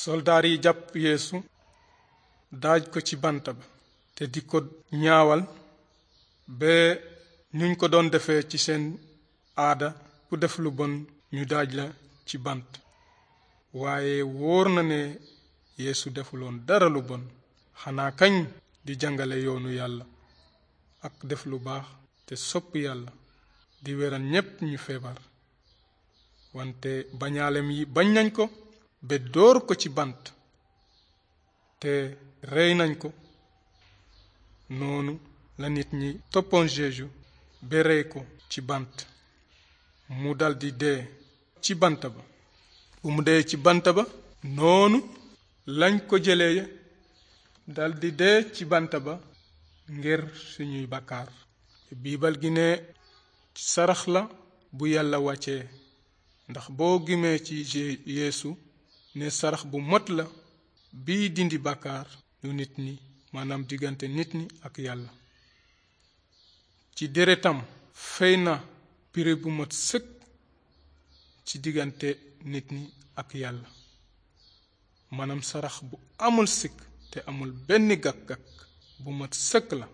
soldaar yi jàpp yéesu daaj ko ci bant ba te di ko ñaawal ba nuñ ko doon defee ci seen aada ku def lu bon ñu daaj la ci bant waaye wóor na ne yéesu defuloon dara lu bon xanaa kañ di jàngale yoonu yàlla ak def lu baax te sopp yàlla di weral ñépp ñu feebar wante bañaalem yi bañ nañ ko ba dóor ko ci bant te rey nañ ko noonu la nit ñi toppoon Jéesu ba rey ko ci bant mu daldi dee ci bant ba bu mu dee ci bant ba noonu lañ ko jëlee daldi dee ci bant ba ngir suñuy bakkaar biibal gi ne sarax la bu yàlla wàccee ndax boo gimee ci yéesu ne sarax bu mot la bii dindi bàkkaar lu nit ñi maanaam diggante nit ñi ak yàlla ci deretam fay na prix bu mot sëkk ci diggante nit ñi ak yàlla maanaam sarax bu amul sikk te amul benn gàkk-gàkk bu mot sëkk la